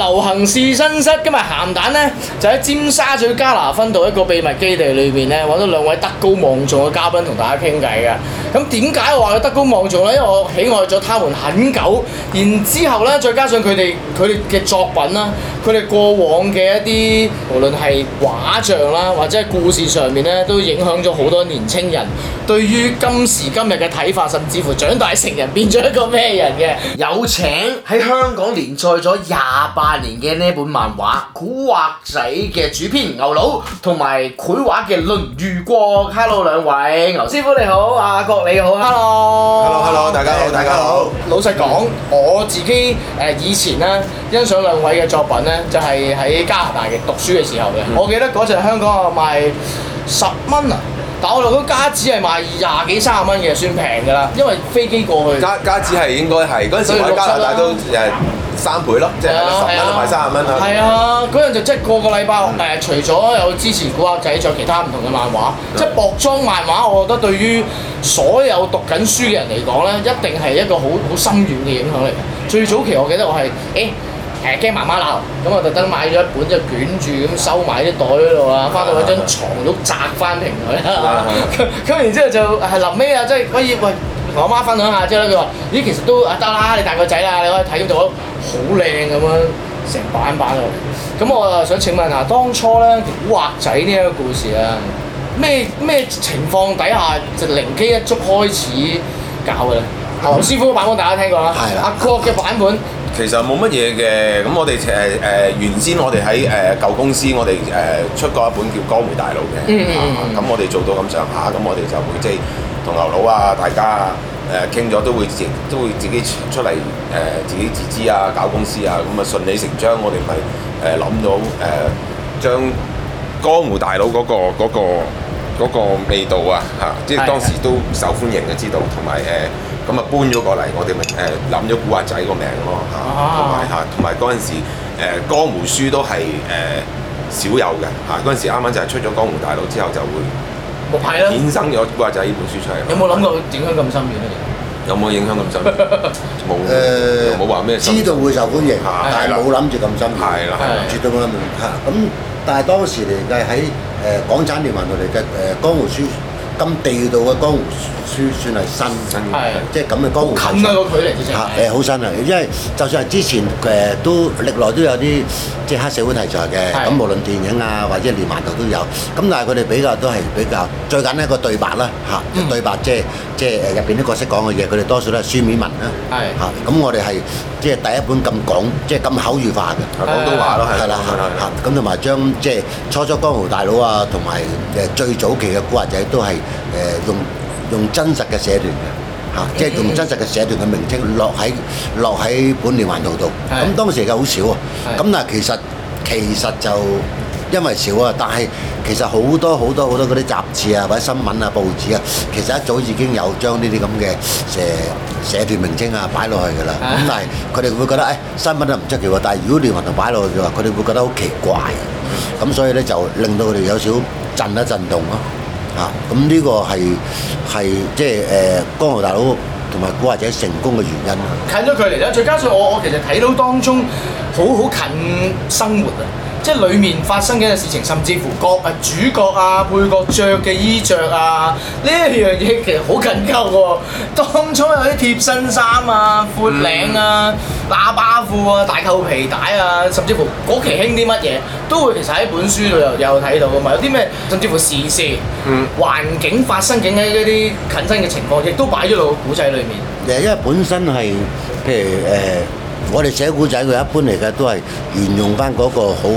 流行試身室今日咸蛋咧就喺尖沙咀加拿分道一個秘密基地裏邊咧，揾到兩位德高望重嘅嘉賓同大家傾偈嘅。咁點解我話佢德高望重咧？因為我喜愛咗他們很久，然之後咧，再加上佢哋佢哋嘅作品啦，佢哋過往嘅一啲無論係畫像啦，或者係故事上面咧，都影響咗好多年青人對於今時今日嘅睇法，甚至乎長大成人變咗一個咩人嘅。有請喺香港連載咗廿八。八年嘅呢本漫畫《古惑仔》嘅主編牛佬同埋繪畫嘅輪如國，hello 兩位，牛師傅你好，阿、啊、國你好，hello，hello hello，大家好，大家好。老實講，我自己誒以前咧欣賞兩位嘅作品呢，就係、是、喺加拿大嘅讀書嘅時候嘅。Mm hmm. 我記得嗰陣香港啊賣十蚊啊！但我覺得家子係賣廿幾三十蚊嘅，算平㗎啦。因為飛機過去，家家子係應該係嗰陣時買加拿大都誒三倍咯，啊、即係十蚊都賣三十蚊啊。係啊，嗰陣就即係個個禮拜誒，嗯、除咗有支持古惑仔，仲有其他唔同嘅漫畫，嗯、即係薄裝漫畫。我覺得對於所有讀緊書嘅人嚟講咧，一定係一個好好深遠嘅影響嚟嘅。最早期我記得我係誒。欸誒驚媽媽鬧，咁我特登買咗一本就捲住咁收埋啲袋嗰度啊，翻到去張牀度砸翻平佢啦。咁 然之後就係臨尾啊，即係可以喂同我媽，媽分享下之啫啦。佢話：咦，其實都啊得啦，你大個仔啦，你可以睇到好靚咁樣成版版喎。咁、嗯、我啊想請問下，當初咧古惑仔呢一個故事啊，咩咩情況底下就靈機一觸開始搞嘅咧？師傅嘅版本大家聽過啦。係阿郭嘅版本。其實冇乜嘢嘅，咁我哋誒誒原先我哋喺誒舊公司，我哋誒出過一本叫《江湖大佬》嘅、mm，咁、hmm. 啊、我哋做到咁上下，咁、啊、我哋就會即係同牛佬啊、大家啊誒傾咗，呃、都會自都會自己出嚟誒、呃、自己自資啊、搞公司啊，咁、嗯、啊順理成章，我哋咪誒諗到誒、呃、將江湖大佬嗰、嗰個嗰、嗰個嗰個、味道啊嚇、啊，即係當時都受歡迎嘅，知道同埋誒。咁啊搬咗過嚟，我哋咪誒諗咗《古惑仔》個名咯嚇，同埋嚇，同埋嗰陣時誒江湖書都係誒少有嘅嚇。嗰陣時啱啱就係出咗《江湖大佬》之後就會，衍生咗《古惑仔》呢本書出嚟。有冇諗過影響咁深遠咧？有冇影響咁深遠？冇誒，冇話咩。知道會受歡迎，但係冇諗住咁深遠。係啦，係絕對冇諗住嚇。咁但係當時嚟計喺誒港產聯運度嚟嘅誒江湖書。咁地道嘅江湖書算係新新嘅，即係咁嘅江湖。好近啊，個距離先嚇，誒好新啊！因為就算係之前誒都歷來都有啲即係黑社會題材嘅，咁無論電影啊或者連環圖都有。咁但係佢哋比較都係比較最緊一個對白啦嚇，對白即係即係誒入邊啲角色講嘅嘢，佢哋多數都係書面文啦。係嚇，咁我哋係即係第一本咁講，即係咁口語化嘅，講到話咯係啦係啦嚇，咁同埋將即係初初江湖大佬啊同埋誒最早期嘅古惑仔都係。誒用用真實嘅社團嘅嚇，即係用真實嘅社團嘅名稱落喺落喺本連環圖度。咁當時嘅好少啊。咁但係，其實其實就因為少啊，但係其實好多好多好多嗰啲雜誌啊、或者新聞啊、報紙啊，其實一早已經有將呢啲咁嘅誒社團名稱啊擺落去㗎啦。咁但係佢哋會覺得誒新聞都唔出奇喎。但係如果連環圖擺落去嘅話，佢哋會覺得好奇怪。咁所以咧就令到佢哋有少震一震動咯。啊！咁、這、呢個係係即係誒江湖大佬同埋古惑仔成功嘅原因啊，近咗距離啦，再加上我我其實睇到當中好好近生活啊。即係裡面發生緊嘅事情，甚至乎角啊、主角啊、配角着嘅衣着啊，呢一樣嘢其實好緊揪喎、啊。當初有啲貼身衫啊、闊領啊、喇叭褲啊、大扣皮帶啊，甚至乎嗰期興啲乜嘢，都會其實喺本書度又有睇到嘅。唔有啲咩，甚至乎時事、嗯、環境發生緊喺一啲近身嘅情況，亦都擺咗落個古仔裏面。誒，因為本身係譬如誒。呃我哋寫古仔，佢一般嚟嘅都係沿用翻嗰個好。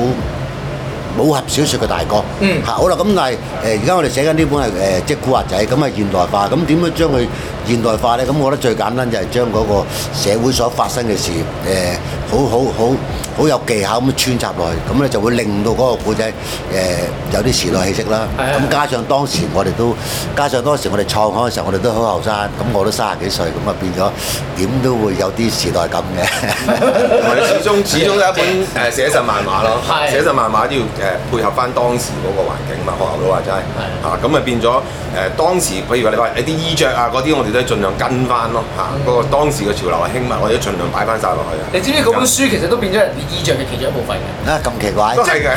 武俠小說嘅大哥，嚇好啦，咁但係誒而家我哋寫緊呢本係誒即係古惑仔咁啊現代化，咁點樣將佢現代化呢？咁我覺得最簡單就係將嗰個社會所發生嘅事誒好好好好有技巧咁穿插落去，咁咧就會令到嗰個古仔誒有啲時代氣息啦。咁加上當時我哋都，加上當時我哋創刊嘅時候，我哋都好後生，咁我都三十幾歲，咁啊變咗點都會有啲時代感嘅。我哋始終始終都係一本誒寫實漫畫咯，寫實漫畫都要。誒配合翻當時嗰個環境嘛，學校話齋，係，嚇咁咪變咗誒當時，譬如話你話你啲衣着啊嗰啲，我哋都盡量跟翻咯嚇。嗰個當時嘅潮流係興物，我哋都盡量擺翻晒落去。你知唔知嗰本書其實都變咗人哋衣着嘅其中一部分嘅？啊咁奇怪，都係㗎，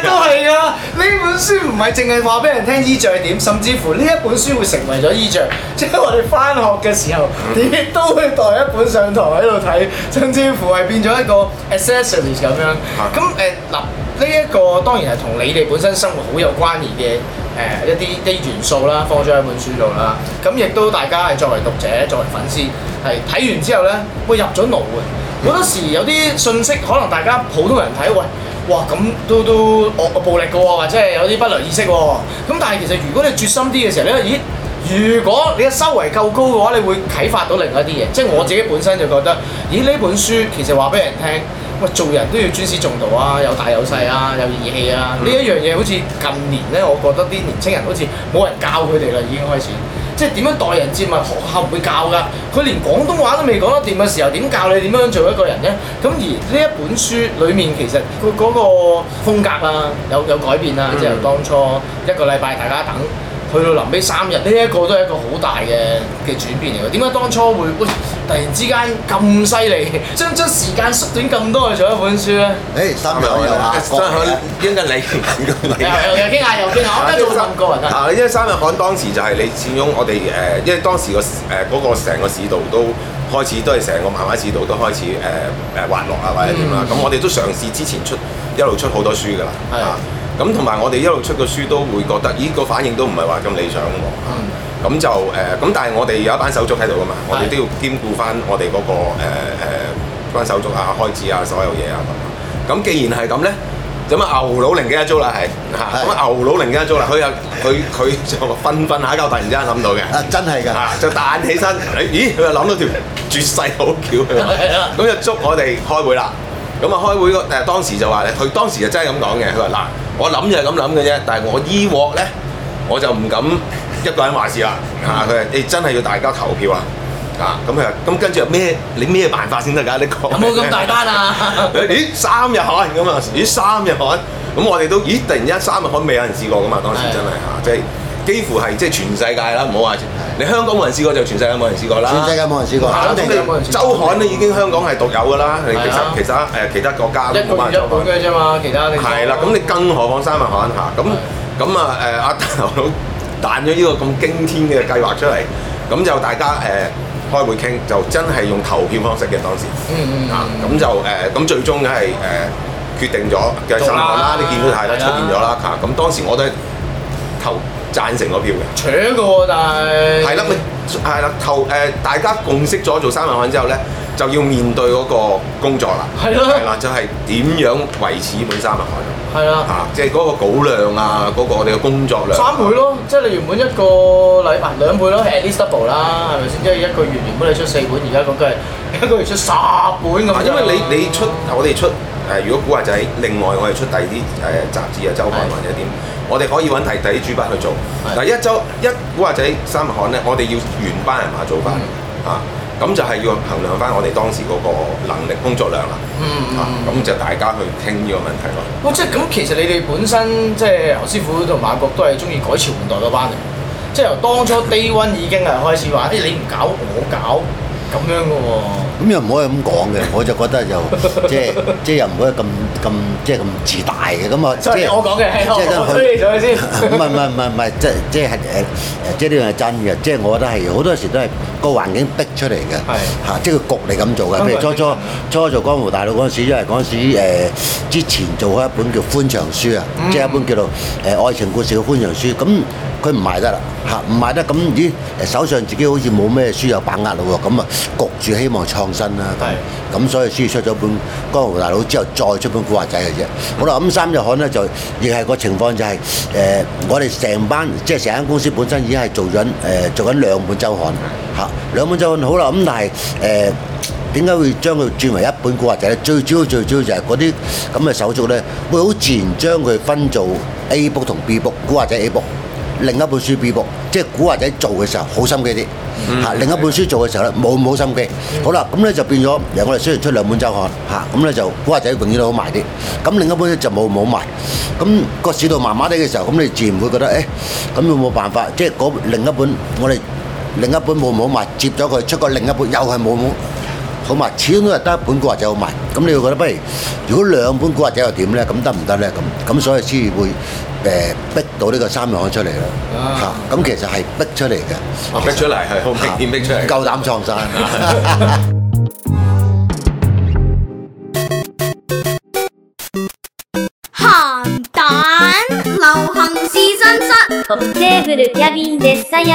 都係㗎。呢本書唔係淨係話俾人聽衣着係點，甚至乎呢一本書會成為咗衣着。即係我哋翻學嘅時候，亦都會帶一本上堂喺度睇，甚至乎係變咗一個 accessories 咁樣。嗱。呢一個當然係同你哋本身生活好有關聯嘅誒一啲啲元素啦，放咗喺本書度啦。咁亦都大家係作為讀者、作為粉絲係睇完之後呢會入咗腦嘅。好多時有啲信息可能大家普通人睇，喂，哇咁都都惡暴力嘅喎、哦，或者係有啲不良意識喎、哦。咁但係其實如果你專心啲嘅時候，你話咦，如果你嘅修為夠高嘅話，你會啟發到另外一啲嘢。即係我自己本身就覺得，咦呢本書其實話俾人聽。喂，做人都要尊師重道啊，有大有細啊，有義氣啊，呢、嗯、一樣嘢好似近年咧，我覺得啲年青人好似冇人教佢哋啦，已經開始。即係點樣待人接物，學校唔會教㗎。佢連廣東話都未講得掂嘅時候，點教你點樣做一個人呢？咁而呢一本書裡面其實佢嗰個風格啊，有有改變啦，即係、嗯、當初一個禮拜大家等。去到臨尾三日，呢一個都係一個好大嘅嘅轉變嚟嘅。點解當初會突然之間咁犀利，將將時間縮短咁多去做一本書咧？誒，三日又話將佢傾緊你，傾緊你，又又傾下又傾下，我覺得好高人啊！啊，因為三日刊當時就係你始終我哋誒，因為當時個誒嗰個成個市道都開始都係成個漫畫市道都開始誒誒滑落啊，或者點啦。咁我哋都嘗試之前出一路出好多書㗎啦。係啊。咁同埋我哋一路出個書都會覺得，咦，個反應都唔係話咁理想喎。咁就誒，咁但係我哋有一班手足喺度噶嘛，是的 我哋都要兼顧翻我哋嗰、那個誒誒，關、呃啊、手足啊、開支啊、所有嘢啊，咁、啊啊、既然係咁咧，咁啊牛佬靈機一觸啦，係，咁的的牛佬靈機一觸啦，佢又佢佢就瞓瞓下覺，突然之間諗到嘅，真的的啊真係㗎，就彈起身，咦，佢又諗到條絕世好橋，咁是的 就捉我哋開會啦。咁啊，開會個誒當時就話咧，佢當時就真係咁講嘅，佢話嗱，我諗就係咁諗嘅啫，但係我依鑊咧，我就唔敢一個人話事啦。啊、嗯，佢話你真係要大家投票啊。啊，咁佢話咁跟住咩？你咩辦法先得㗎？你講有冇咁大單啊？咦，三日海刊咁啊？咦，三日刊咁，我哋都咦，咦都突然之間三日刊未有人試過噶嘛？當時真係嚇，即係的、就是、幾乎係即係全世界啦，唔好話。你香港冇人試過，就全世界冇人試過啦。全世界冇人試過。肯定冇人試過。周刊都已經香港係獨有噶啦。其實其實誒其他國家冇乜。一管一管嘅啫嘛，其他你。係啦，咁你更何況三萬漢嚇？咁咁啊誒，阿頭佬彈咗呢個咁驚天嘅計劃出嚟，咁就大家誒開會傾，就真係用投票方式嘅當時。咁就誒，咁最終梗係誒決定咗嘅方案啦。你見到係啦，出現咗啦嚇。咁當時我都投贊成嗰票嘅，搶過但係係啦，咪係啦，頭誒，大家共識咗做三文行之後咧，就要面對嗰個工作啦。係咯的，係啦，就係、是、點樣維持呢本三文行？係啦的，嚇、啊，即係嗰個稿量啊，嗰、那個我哋嘅工作量三倍咯，即係你原本一個禮物兩倍咯，係 at least double 啦，係咪先？即係、就是、一個月原本你出四本，而家講緊係一個月出十本，咁因為你你出我哋出誒、呃，如果估下就係另外我哋出第二啲誒雜誌啊、週刊或者點。我哋可以揾第第啲主班去做，嗱的一周一古惑仔三項咧，我哋要原班人馬做翻，的啊咁就係要衡量翻我哋當時嗰個能力工作量啦，嗯嗯、啊咁就大家去傾呢個問題咯。哇、哦！即係咁，其實你哋本身即係牛師傅同馬局都係中意改朝換代嗰班嚟，即係由當初 Day One 已經係開始話啲、嗯、你唔搞我搞。咁樣嘅喎，咁又唔可以咁講嘅，我就覺得就即即又唔可以咁咁即咁自大嘅咁啊！即我講嘅，即真虛擬，係咪先？唔係唔係唔係，即即係誒誒，即呢樣係真嘅，即我覺得係好多時都係個環境逼出嚟嘅，係嚇，即個局嚟咁做嘅。譬如初初初做江湖大佬嗰陣時，因為嗰陣時誒之前做開一本叫《歡場書》啊，即一本叫做誒愛情故事嘅歡場書咁。佢唔賣得啦，嚇唔賣得咁咦？手上自己好似冇咩書有把握嘞喎，咁啊焗住希望創新啦。係，咁所以先出咗本《江湖大佬》之後，再出本《古惑仔》嘅啫。好啦，咁三日刊咧就亦係個情況就係誒，我哋成班即係成間公司本身已經係做緊誒做緊兩本週刊，嚇兩本週刊好啦。咁但係誒點解會將佢轉為一本《古惑仔》咧？最主要最主要就係嗰啲咁嘅手續咧，會好自然將佢分做 A book 同 B book，《古惑仔》A book。另一本書 B 部，即係古惑仔做嘅時候好心機啲，嚇！另一本書做嘅時候咧冇冇心機。好啦，咁咧就變咗，誒我哋雖然出兩本週刊，嚇，咁咧就古惑仔永遠都好賣啲。咁另一本咧就冇冇好賣。咁個市道麻麻地嘅時候，咁你自然會覺得，誒，咁有冇辦法？即係嗰另一本我哋另一本冇冇好賣，接咗佢出個另一本又係冇冇好賣，始終都係得一本古惑仔好賣。咁你會覺得，不如如果兩本古惑仔又點咧？咁得唔得咧？咁咁所以先至會。誒逼到呢個三郎出嚟咯，嚇，咁其實係逼出嚟嘅，逼出嚟係好明顯，逼出嚟夠膽創新。鹹蛋流行是怎樣？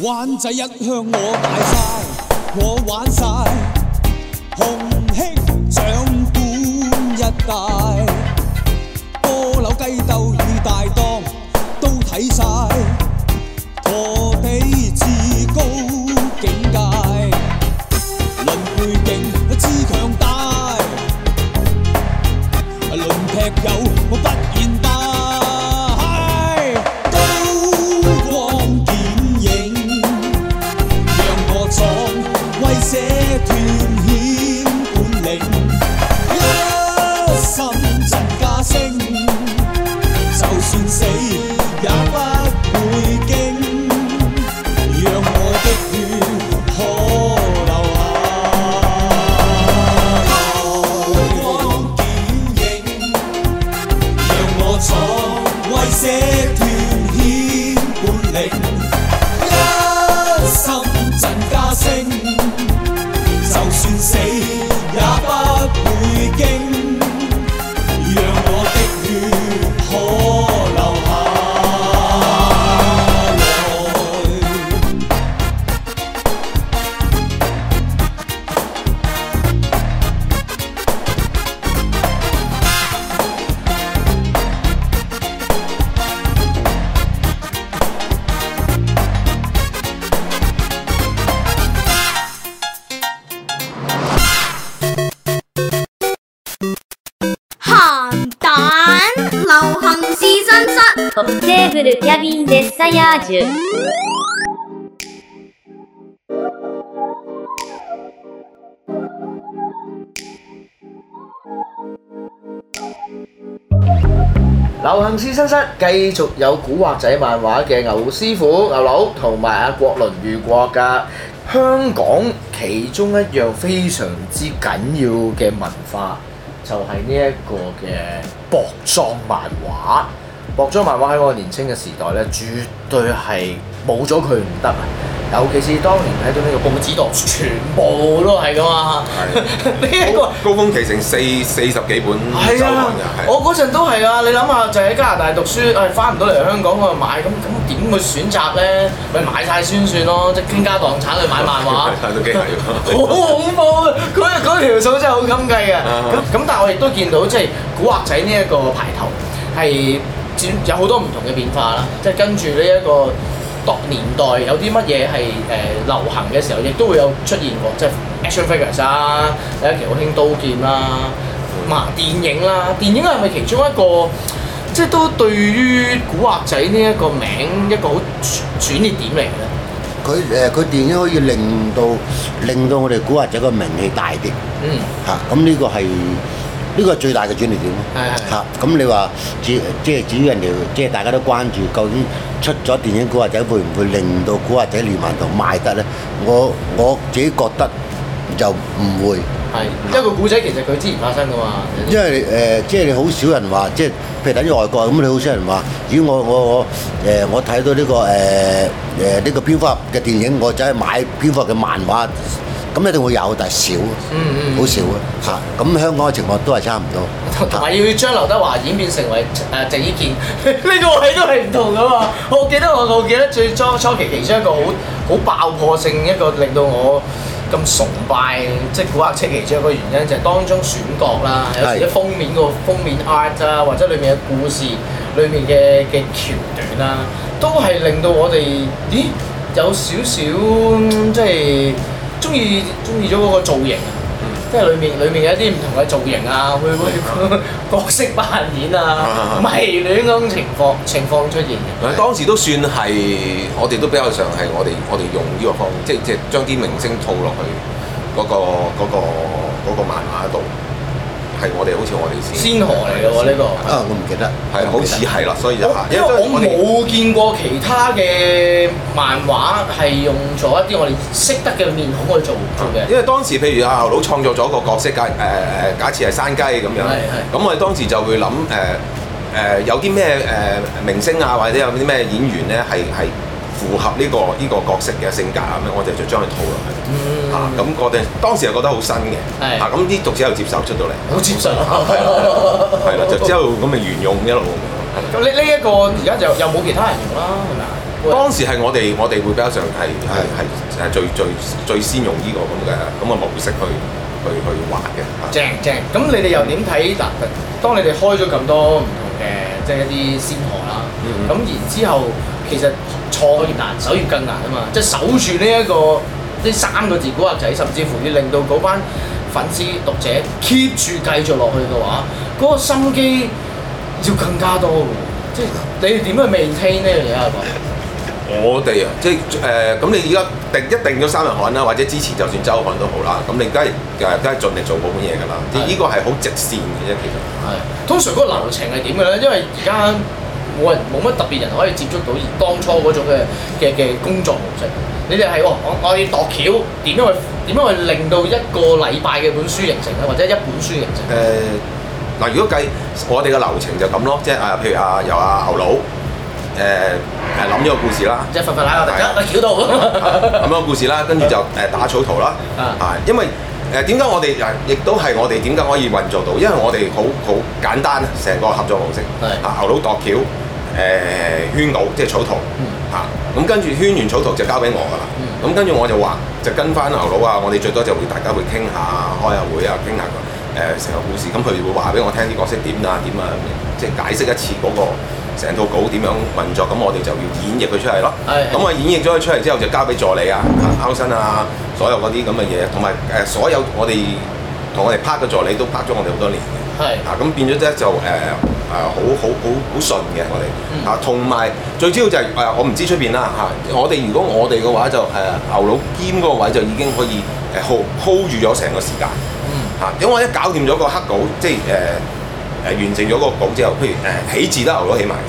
灣仔一向我大晒，我玩晒，洪興掌管一帶，波樓雞竇與大檔都睇晒。流行試身室繼續有古惑仔漫畫嘅牛師傅、牛佬同埋阿國倫與過噶香港其中一樣非常之緊要嘅文化，就係呢一個嘅薄裝漫畫。落咗漫畫喺我年青嘅時代咧，絕對係冇咗佢唔得啊！尤其是當年睇到呢個報紙檔，全部都係㗎嘛。呢一個高峰期成四四十幾本周文。係啊，我嗰陣都係啊！你諗下，就喺加拿大讀書，誒，翻唔到嚟香港，我又買，咁咁點會選擇咧？咪買晒先算咯，即係傾家蕩產去買漫畫。睇到幾好恐怖啊！嗰嗰 條數真係好襟計啊！咁 咁，但係我亦都見到即係、就是、古惑仔呢一個牌頭係，有好多唔同嘅變化啦，即係跟住呢一個年代有啲乜嘢係誒流行嘅時候，亦都會有出現過，即係 action figures 啦、啊，有一期好興刀劍啦、啊，埋電影啦，電影係、啊、咪、啊、其中一個，即係都對於古惑仔呢一個名一個好轉捩點嚟嘅？佢誒佢電影可以令到令到我哋古惑仔個名氣大啲，嗯嚇，咁呢、啊、個係。呢個最大嘅轉捩點，嚇咁的、啊、你話，只即係至於人哋，即係大家都關注，究竟出咗電影古惑仔會唔會令到古惑仔連環圖賣得咧？我我自己覺得就唔會，因為古仔其實佢之前發生噶嘛。因為誒、呃，即係好少人話，即係譬如等於外國咁，你好少人話，只要我我我誒，我睇、呃、到呢、這個誒誒呢個蝙蝠俠嘅電影，我就係買蝙蝠俠嘅漫畫。咁一定會有，但係少，好、嗯嗯嗯、少啊！嚇，咁香港嘅情況都係差唔多，同埋要將劉德華演變成為誒鄭伊健，呢個係都係唔同㗎嘛！我記得我記得最初初期其中一個好好爆破性一個令到我咁崇拜，即係古惑仔其，其中一個原因就係、是、當中選角啦，有時啲封面個是的 封面 art 啊，或者裏面嘅故事、裏面嘅嘅橋段啦，都係令到我哋咦有少少即係。中意中意咗嗰個造型，嗯、即係裏面裏面有一啲唔同嘅造型啊，會會、嗯、角色扮演啊，啊迷戀咁情況、啊、情況出現嘅。當時都算係我哋都比較上係我哋我哋用呢個方法，即即係將啲明星套落去嗰、嗰個嗰、嗰個嗰、嗰個嗰個漫畫度。係我哋好似我哋先河嚟嘅喎，呢個啊，我唔記得係是好似係啦，所以就因為我冇們見過其他嘅漫畫係用咗一啲我哋識得嘅面孔去做做嘅。因為當時譬如阿劉佬創造咗個角色假誒、誒，假設係山雞咁樣，咁我哋當時就會諗誒、誒有啲咩誒明星啊，或者有啲咩演員咧係係。符合呢個呢個角色嘅性格啊，咩？我哋就將佢套落去嚇，咁我哋當時又覺得好新嘅，嚇咁啲讀者又接受出到嚟，好接受，係啦，就之後咁咪沿用一路。咁你呢一個而家就又冇其他人用啦，係咪啊？當時係我哋我哋會比較上係係係係最最最先用呢個咁嘅咁嘅模式去去去畫嘅。正正咁你哋又點睇？當你哋開咗咁多唔同嘅即係一啲先河啦，咁然之後。其實創業難守業更難啊嘛！即係守住呢、這、一個呢、這個、三個字古惑仔，甚至乎要令到嗰班粉絲讀者 keep 住繼續落去嘅話，嗰、那個心機要更加多嘅喎！即係你哋點樣 maintain 呢？你嘢？家講我哋啊，即係誒咁你而家定一定咗三日刊啦，或者之前就算周刊都好啦，咁你梗係梗係盡力做嗰本嘢㗎啦！呢的個係好直線嘅啫，其實係通常嗰個流程係點嘅咧？因為而家冇乜特別人可以接觸到而當初嗰種嘅嘅嘅工作模式。你哋係我我哋度橋點樣去點樣去令到一個禮拜嘅本書形成咧，或者一本書形成？誒嗱，如果計我哋嘅流程就咁咯，即係啊，譬如啊，由阿牛佬誒誒諗咗個故事啦，即係瞓瞓喺大橋度咁樣嘅故事啦，跟住就誒打草圖啦，啊，因為誒點解我哋亦都係我哋點解可以運作到？因為我哋好好簡單成個合作模式啊，牛佬度橋。誒圈稿，即係草圖嚇，咁跟住圈完草圖就交俾我㗎啦。咁跟住我就話就跟翻牛佬啊，我哋最多就會大家會傾下、開下會啊，傾下誒成個故事。咁佢會話俾我聽啲角色點啊、點啊，即係解釋一次嗰、嗰個成套稿點樣運作。咁我哋就要演繹佢出嚟咯。咁我、OK，演繹咗佢出嚟之後，就交俾助理啊、歐新啊，所有嗰啲咁嘅嘢，同埋誒所有我哋同我哋拍嘅助理都拍咗我哋好多年。係是。啊，咁變咗咧就誒。呃係、啊、好好好好順嘅，我哋嚇同埋最主要就係、是、誒、啊，我唔知出邊啦嚇。我哋如果我哋嘅話就係、啊、牛佬肩嗰個位就已經可以誒 hold、啊、hold 住咗成個時間嚇、啊。因為一搞掂咗個黑稿，即係誒誒完成咗嗰個稿之後，譬如誒起字都牛佬起埋嘅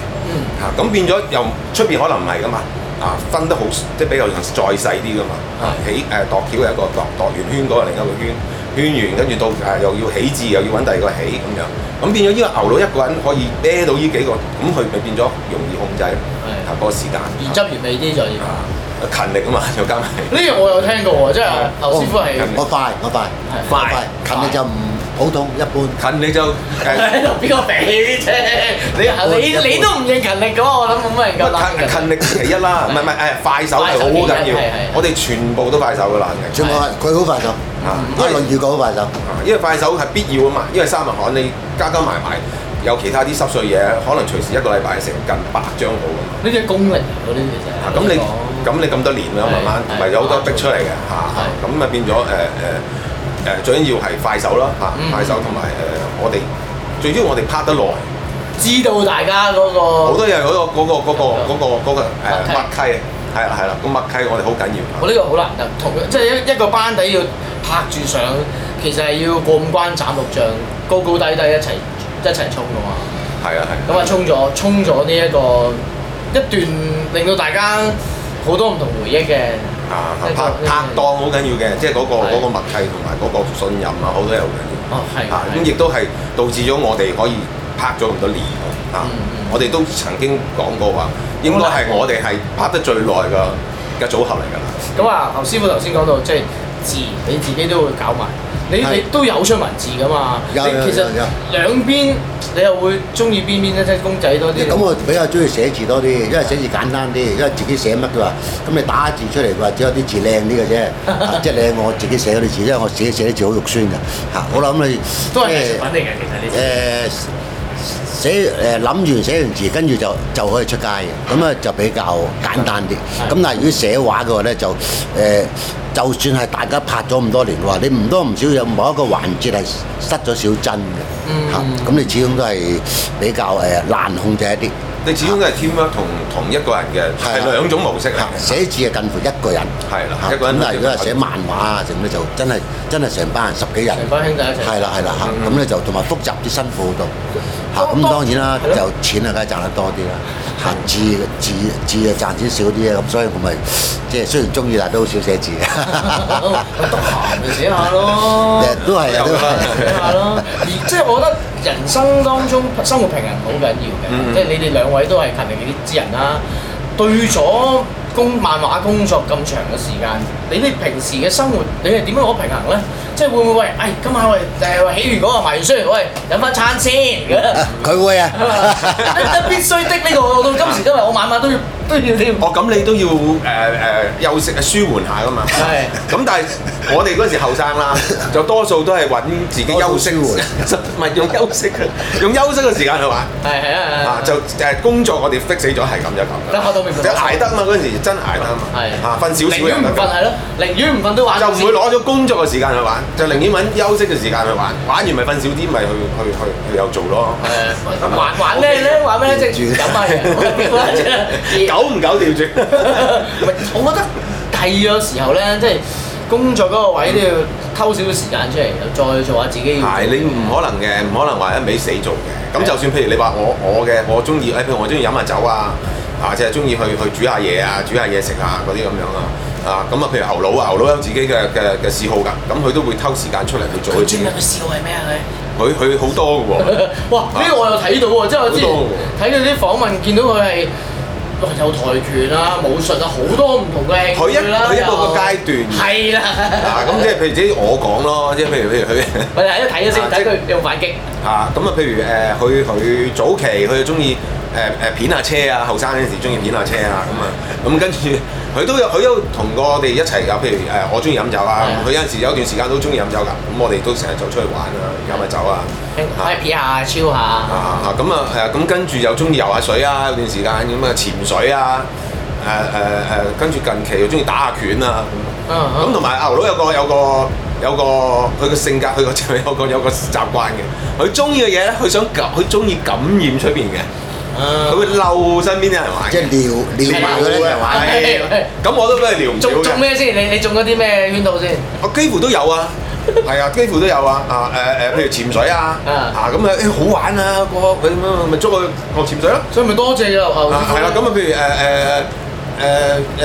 嚇，咁、啊、變咗又出邊可能唔係噶嘛啊，分得好即係比較再細啲噶嘛啊，起度墮橋係個度墮圓圈嗰個另一個圈。圈完跟住到，啊，又要起字又要揾第二個起咁樣，咁變咗呢個牛佬一個人可以孭到呢幾個，咁佢咪變咗容易控制，嗰個時間。原汁原味啲就要勤力啊嘛，做加的。埋呢樣我有聽過喎，即係侯師傅係我快我快，快快，勤力就。唔。好到一般近你就喺度邊個俾啫？你你你都唔認勤力嘅我諗冇乜人夠勤力其一啦，唔係唔係誒快手係好緊要，我哋全部都快手嘅啦，全部佢好快手，啊，開運預告好快手，因為快手係必要啊嘛，因為三啊，行，你加加埋埋有其他啲濕碎嘢，可能隨時一個禮拜成近百張稿。呢啲功力嗰啲嘅啫，咁你咁你咁多年咯，慢慢唔係有好多逼出嚟嘅嚇，咁啊變咗誒誒。誒最緊要係快手啦，嚇、啊、快手同埋誒我哋最主要我哋拍得耐，知道大家嗰、那個好多人嗰、那個嗰、那個嗰、那個嗰、那個、那個啊、的默契，係啦係啦，個默契我哋好緊要。我呢個好啦，就同即係一一個班底要拍住上，其實係要過五關斬六將，高高低低一齊一齊衝噶嘛。係啊係。咁啊，衝咗衝咗呢一個一段，令到大家好多唔同回憶嘅。啊！拍拍檔好緊要嘅，即係嗰、嗰個、嗰個默契同埋嗰個信任啊，好多嘢好緊要。哦、啊，係。嚇，咁亦都係導致咗我哋可以拍咗咁多年。啊，嗯嗯我哋都曾經講過話，應該係我哋係拍得最耐嘅嘅組合嚟㗎啦。咁啊，侯師傅頭先講到，即、就、係、係、自你自己都會搞埋。你哋都有出文字㗎嘛？有呀，其實兩邊你又會中意邊邊咧？即公仔多啲。咁我比較中意寫字多啲，因為寫字簡單啲，因為自己寫乜嘅話。咁你打字出嚟嘅話，只有啲字靚啲嘅啫。即 你我自己寫嗰啲字，因為我自己寫啲字好肉酸㗎。嚇，好啦， 咁你都係成定嘅。其實呢啲。誒、呃，寫誒諗完寫完字，跟住就就可以出街嘅。咁啊，就比較簡單啲。咁 的但係如果寫畫嘅話咧，就誒。呃就算係大家拍咗咁多年嘅話，你唔多唔少有某一個環節係失咗少真嘅，嚇咁你始終都係比較誒難控制一啲。你始終都係 team 咯，同同一個人嘅係兩種模式。寫字啊，近乎一個人。係啦，一個咁啊，如果係寫漫畫啊，剩咧就真係真係成班人，十幾人。成班兄弟一齊。係啦係啦嚇，咁咧就同埋複雜啲，辛苦度嚇，咁當然啦，就錢啊，梗係賺得多啲啦。行字字字啊，賺錢少啲啊，咁，所以我咪即係雖然中意但都好少寫字。咁得閒咪寫下咯，都係有啊寫下咯。而即係我覺得人生當中生活平衡好緊要嘅，即係 你哋兩位都係勤力啲之人啦。對咗。漫畫工作咁長嘅時間，你哋平時嘅生活，你係點樣攞平衡咧？即係會唔會喂？誒，今晚我就喂誒、呃，起完講、那個、啊，埋完我喂，飲翻餐先。佢會啊，必 須的呢、這個，到今時今日，我晚晚都要。都我咁你都要誒誒休息啊，舒緩下噶嘛。係。咁但係我哋嗰時後生啦，就多數都係揾自己休息換，唔係用休息，用休息嘅時間去玩。係係啊。啊，就誒工作我哋逼死咗，係咁就咁。得學捱得啊嘛，嗰陣時真捱得啊嘛。瞓少少又得。唔瞓係咯，寧願唔瞓都玩。就唔會攞咗工作嘅時間去玩，就寧願揾休息嘅時間去玩。玩完咪瞓少啲，咪去去去又做咯。玩玩咩咧？玩咩即係？久唔久搞調轉，久久 我覺得第二個時候咧，即係工作嗰個位都要偷少少時間出嚟，又再做下自己嘅。你唔可能嘅，唔可能話一味死做嘅。咁就算譬如你話我我嘅，我中意誒，譬如我中意飲下酒啊，啊，即係中意去去煮下嘢啊，煮下嘢食啊嗰啲咁樣啊，啊，咁啊，譬如牛佬啊，牛佬有自己嘅嘅嘅嗜好㗎，咁佢都會偷時間出嚟去做。佢專門嘅嗜好係咩啊？佢佢好多嘅喎。哇！呢個我又睇到喎，啊、即係我知道，睇到啲訪問，見到佢係。都有跆拳啊、武術啊，好多唔同嘅、啊。佢一佢一個後一個，一個階段。係啦、啊。嗱、 啊，咁即係譬如自己我講咯，即係譬如譬如佢。我哋 一睇咗弓弓 先看看，睇佢有冇反擊。嚇咁啊！譬如誒，佢佢早期佢就中意誒誒片下車啊，後生嗰陣時中意片下車啊咁啊，咁跟住佢都有佢都同個我哋一齊噶。譬如誒，我中意飲酒啊，佢有陣時有段時間都中意飲酒㗎。咁我哋都成日就出去玩啊，飲下酒啊，可以飄下，超下啊！咁啊，係咁跟住又中意遊下水啊，嗯、有段時間咁啊，潛水啊，誒誒誒，跟住近期又中意打下拳啊。咁同埋牛佬有個有個。有個有個佢個性格，佢個有個有個習慣嘅，佢中意嘅嘢咧，佢想佢中意感染出邊嘅，佢會嬲身邊啲人玩，即係撩撩埋啲人玩。咁我都俾你撩唔中，中咩先？你你中嗰啲咩圈套先？我幾乎都有啊，係啊，幾乎都有啊啊誒誒，譬如潛水啊啊咁啊，誒好玩啊，咪捉佢學潛水咯。所以咪多謝嘅，係啦。咁啊，譬如誒誒。誒誒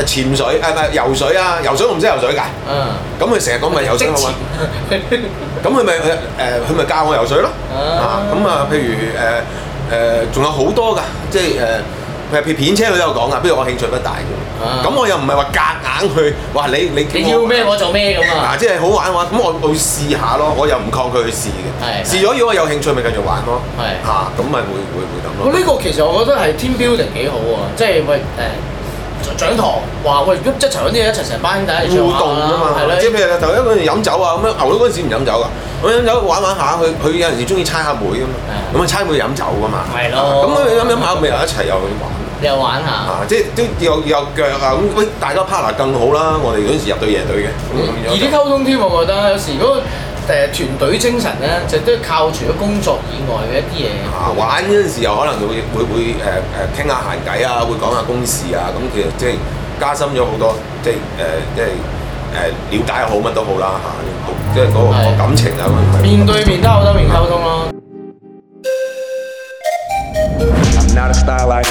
潛水，誒唔係游水啊！游水我唔識游水㗎。嗯。咁佢成日講咪游水好嘛。咁佢咪誒佢咪教我游水咯。啊。咁啊，譬如誒誒，仲有好多㗎，即係誒，係片片車都有講㗎。不過我興趣不大嘅。啊。咁我又唔係話夾硬去話你你要咩我做咩咁啊？即係好玩嘅話，咁我會試下咯。我又唔抗拒去試嘅。係。試咗如果我有興趣，咪繼續玩咯。係。嚇，咁咪會會會咁咯。呢個其實我覺得係 team building 幾好喎，即係喂誒。掌堂話喂，如果一齊嗰啲嘢一齊成班兄弟互動㗎嘛，的即係譬如頭一陣飲酒啊咁樣，牛佬嗰陣時唔飲酒噶，佢飲酒玩玩下，佢佢、啊、有，有時中意猜下枚啊嘛，咁啊猜枚飲酒噶嘛，係咯，咁佢飲飲下，咪又一齊又去玩，又玩下，啊，即都又又腳啊咁，喂，大家 partner 更好啦，我哋嗰陣時入到夜隊嘅，而啲溝通添，我覺得有時如果。誒團隊精神咧，就係、都靠除咗工作以外嘅一啲嘢、啊。玩嗰陣時又可能會會誒誒傾下閒偈啊，會講下公事啊，咁、嗯、其實即係加深咗好多，即係誒、呃、即係誒瞭解好乜都好啦嚇、啊，即係嗰、那個、是個感情啊。面對面都好多是面溝通咯。是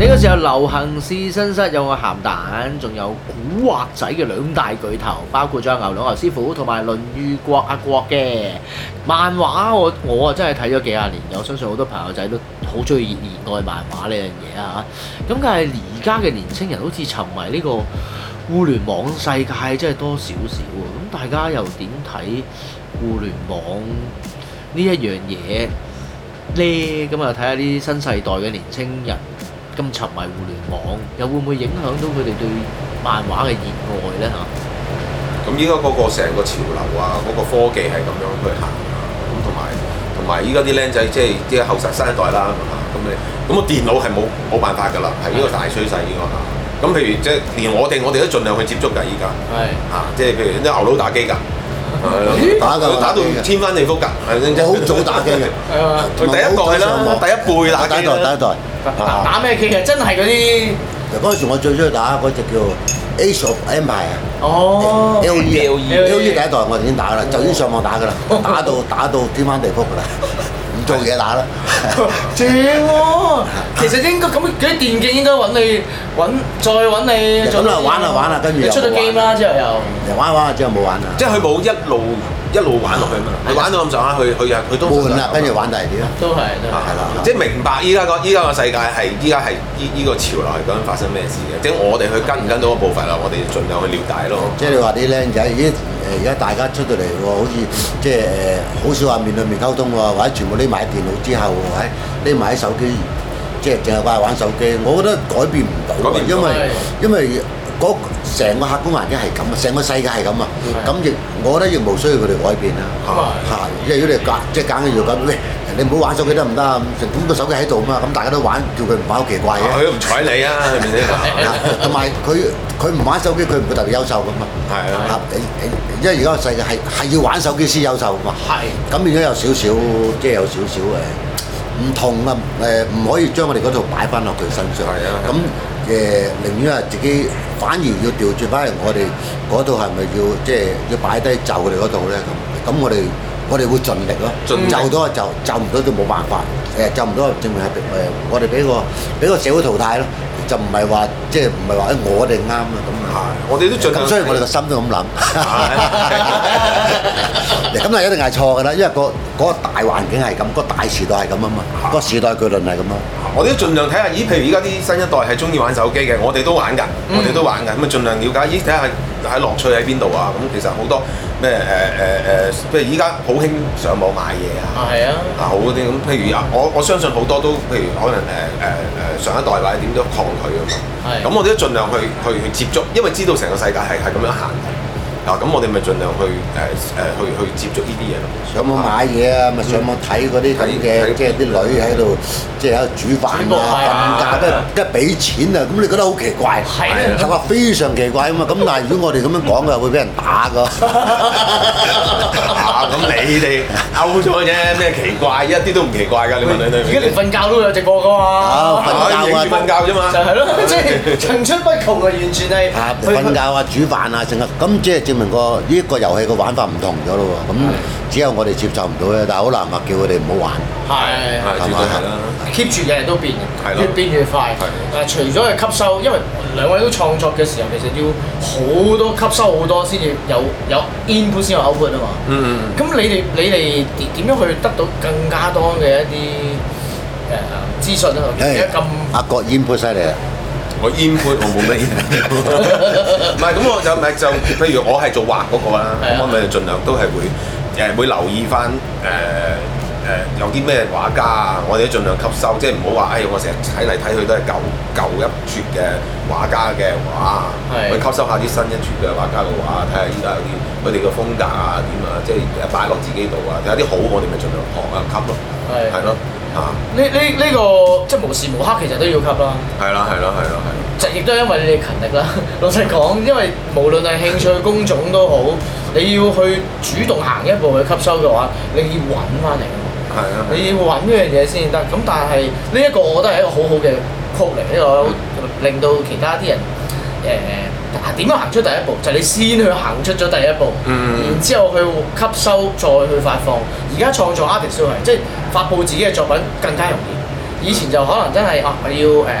呢個時候流行試身室有個鹹蛋，仲有古惑仔嘅兩大巨頭，包括咗牛郎、牛師傅同埋《論語》郭阿郭嘅漫畫。我我啊真係睇咗幾廿年嘅，我相信好多朋友仔都好中意現代漫畫呢樣嘢啊。咁但係而家嘅年青人好似沉迷呢個互聯網世界真點點，真係多少少啊。咁大家又點睇互聯網呢一樣嘢呢？咁啊睇下呢啲新世代嘅年青人。咁沉迷互聯網，又會唔會影響到佢哋對漫畫嘅熱愛咧？嚇！咁依家嗰個成個潮流啊，嗰個科技係咁樣去行啊，咁同埋同埋依家啲僆仔即係啲後生新一代啦，咁你咁個電腦係冇冇辦法㗎啦，係依個大趨勢應該嚇。咁、啊、譬如即係連我哋，我哋都盡量去接觸㗎依家，嚇的、啊，即係譬如啲牛佬打機㗎。係咯，打 噶，打到天翻地覆噶，好 早打機嘅，佢第一代啦，第一輩機打機啦，第一代，打咩機啊？真係嗰啲，嗱，嗰時我最鍾意打嗰隻叫 a s o m 牌啊，哦，LE，LE LED 第一代我哋已經打啦，的就已經上網打噶啦，打到打到天翻地覆噶啦。 做嘢打啦， 正喎，啊！其實應該咁，幾啲電競應該揾你揾，再揾你。咁啊，玩啊玩啊，跟住又、啊、出咗 game 啦，之後又玩啊玩啊之後冇玩啦，啊。即係佢冇一路。一路玩落去嘛，你玩到咁上下，佢佢又佢都換啦，跟住玩第二啲啦，都係，都係，係啦。即係明白依家個依家個世界係依家係依依個潮流係究竟發生咩事嘅，即係我哋去跟唔跟到個步伐啦，我哋盡量去了解咯。即係你話啲僆仔，依誒而家大家出到嚟喎，好似即係誒好少話面對面溝通喎，或者全部匿埋電腦之後喎，或者匿埋喺手機，即係淨係掛玩手機。我覺得改變唔到，因為因為。成個客觀環境係咁啊，成個世界係咁啊，咁亦我覺得亦無需要佢哋改變啦。嚇，係，因為如果你揀，即係揀佢要揀，喂，你唔好玩手機得唔得啊？咁個手機喺度啊嘛，咁大家都玩，叫佢唔玩好奇怪嘅。佢都唔睬你啊，係咪？同埋佢佢唔玩手機，佢唔會特別優秀噶嘛。係啊，因為而家個世界係係要玩手機先優秀㗎嘛。係，咁變咗有少少即係有少少誒唔同啦，誒唔可以將我哋嗰度擺翻落佢身上。係啊，咁。誒，寧願話自己反而要調轉翻嚟，我哋嗰度係咪要即係要擺低就佢哋嗰度咧？咁咁，我哋我哋會盡力咯。就咗就就唔到就冇辦法。誒，就唔到證明係誒，我哋俾個俾個社會淘汰咯。就唔係話即係唔係話我哋啱啦。咁係。我哋都盡。咁雖然我哋個心都咁諗。係。咁啊，一定係錯㗎啦！因為個嗰個大環境係咁，個大時代係咁啊嘛，個時代巨輪係咁啊。我哋都盡量睇下，咦？譬如而家啲新一代係鍾意玩手機嘅，我哋都玩噶，嗯、我哋都玩噶，咁啊盡量了解，咦？睇下喺樂趣喺邊度啊？咁其實好多咩誒誒誒，即係依家好興上網買嘢啊，啊，啊好嗰啲咁。譬如啊，我我相信好多都，譬如可能誒誒誒上一代或者點都抗拒噶嘛。咁是我哋都盡量去去接觸，因為知道成個世界係係咁樣行。嗱咁我哋咪盡量去誒誒去去接觸呢啲嘢咯，上網買嘢啊，咪上網睇嗰啲嘅，即係啲女喺度，即係喺度煮飯啊，跟住跟住俾錢啊，咁你覺得好奇怪？係啊，係非常奇怪啊嘛！咁但係如果我哋咁樣講嘅，會俾人打噶。咁你哋勾咗啫，咩奇怪？一啲都唔奇怪㗎。你問你女？而家連瞓覺都有直播㗎嘛？瞓覺啊，瞓覺啫嘛。就係咯，即係層出不窮啊，完全係。瞓覺啊，煮飯啊，成日咁即係。證明個呢個遊戲個玩法唔同咗咯喎，咁的只有我哋接受唔到咧，但係好難話叫佢哋唔好玩。係的，係嘛？Keep 住日日都變，的越變越快。但係的除咗係吸收，因為兩位都創作嘅時候，其實要好多吸收好多先至有有 input 先有 output 啊嘛。嗯嗯嗯。咁你哋你哋點點樣去得到更加多嘅一啲誒資訊咧？而家咁阿國 input 曬嚟。我煙灰我冇咩嘢，唔係咁我就唔就，譬如我係做畫嗰個啦，咁咪 盡量都係會誒會留意翻誒誒有啲咩畫家啊，我哋都盡量吸收，即係唔好話誒我成日睇嚟睇去都係舊舊一撮嘅畫家嘅畫，去的吸收下啲新一撮嘅畫家嘅畫，睇下依家嗰啲佢哋嘅風格啊點啊，即係擺落自己度啊，有啲好我哋咪盡量學啊，吸咯，係咯的。的啊！呢呢呢個即係無時無刻其實都要吸啦。係啦，係啦，係啦，係啦。就亦都係因為你哋勤力啦。 老實講，因為無論係興趣工種都好，你要去主動行一步去吸收嘅話，你要揾翻嚟。係啊。你要揾呢樣嘢先得。咁但係呢一個我覺得係一個好好嘅曲嚟。呢個令到其他啲人誒。呃嗱，點樣行出第一步？就係、你先去行出咗第一步，mm hmm. 然之後去吸收，再去發放。而家創作 artist 都係即係發佈自己嘅作品更加容易。以前就可能真係啊，我要誒、呃、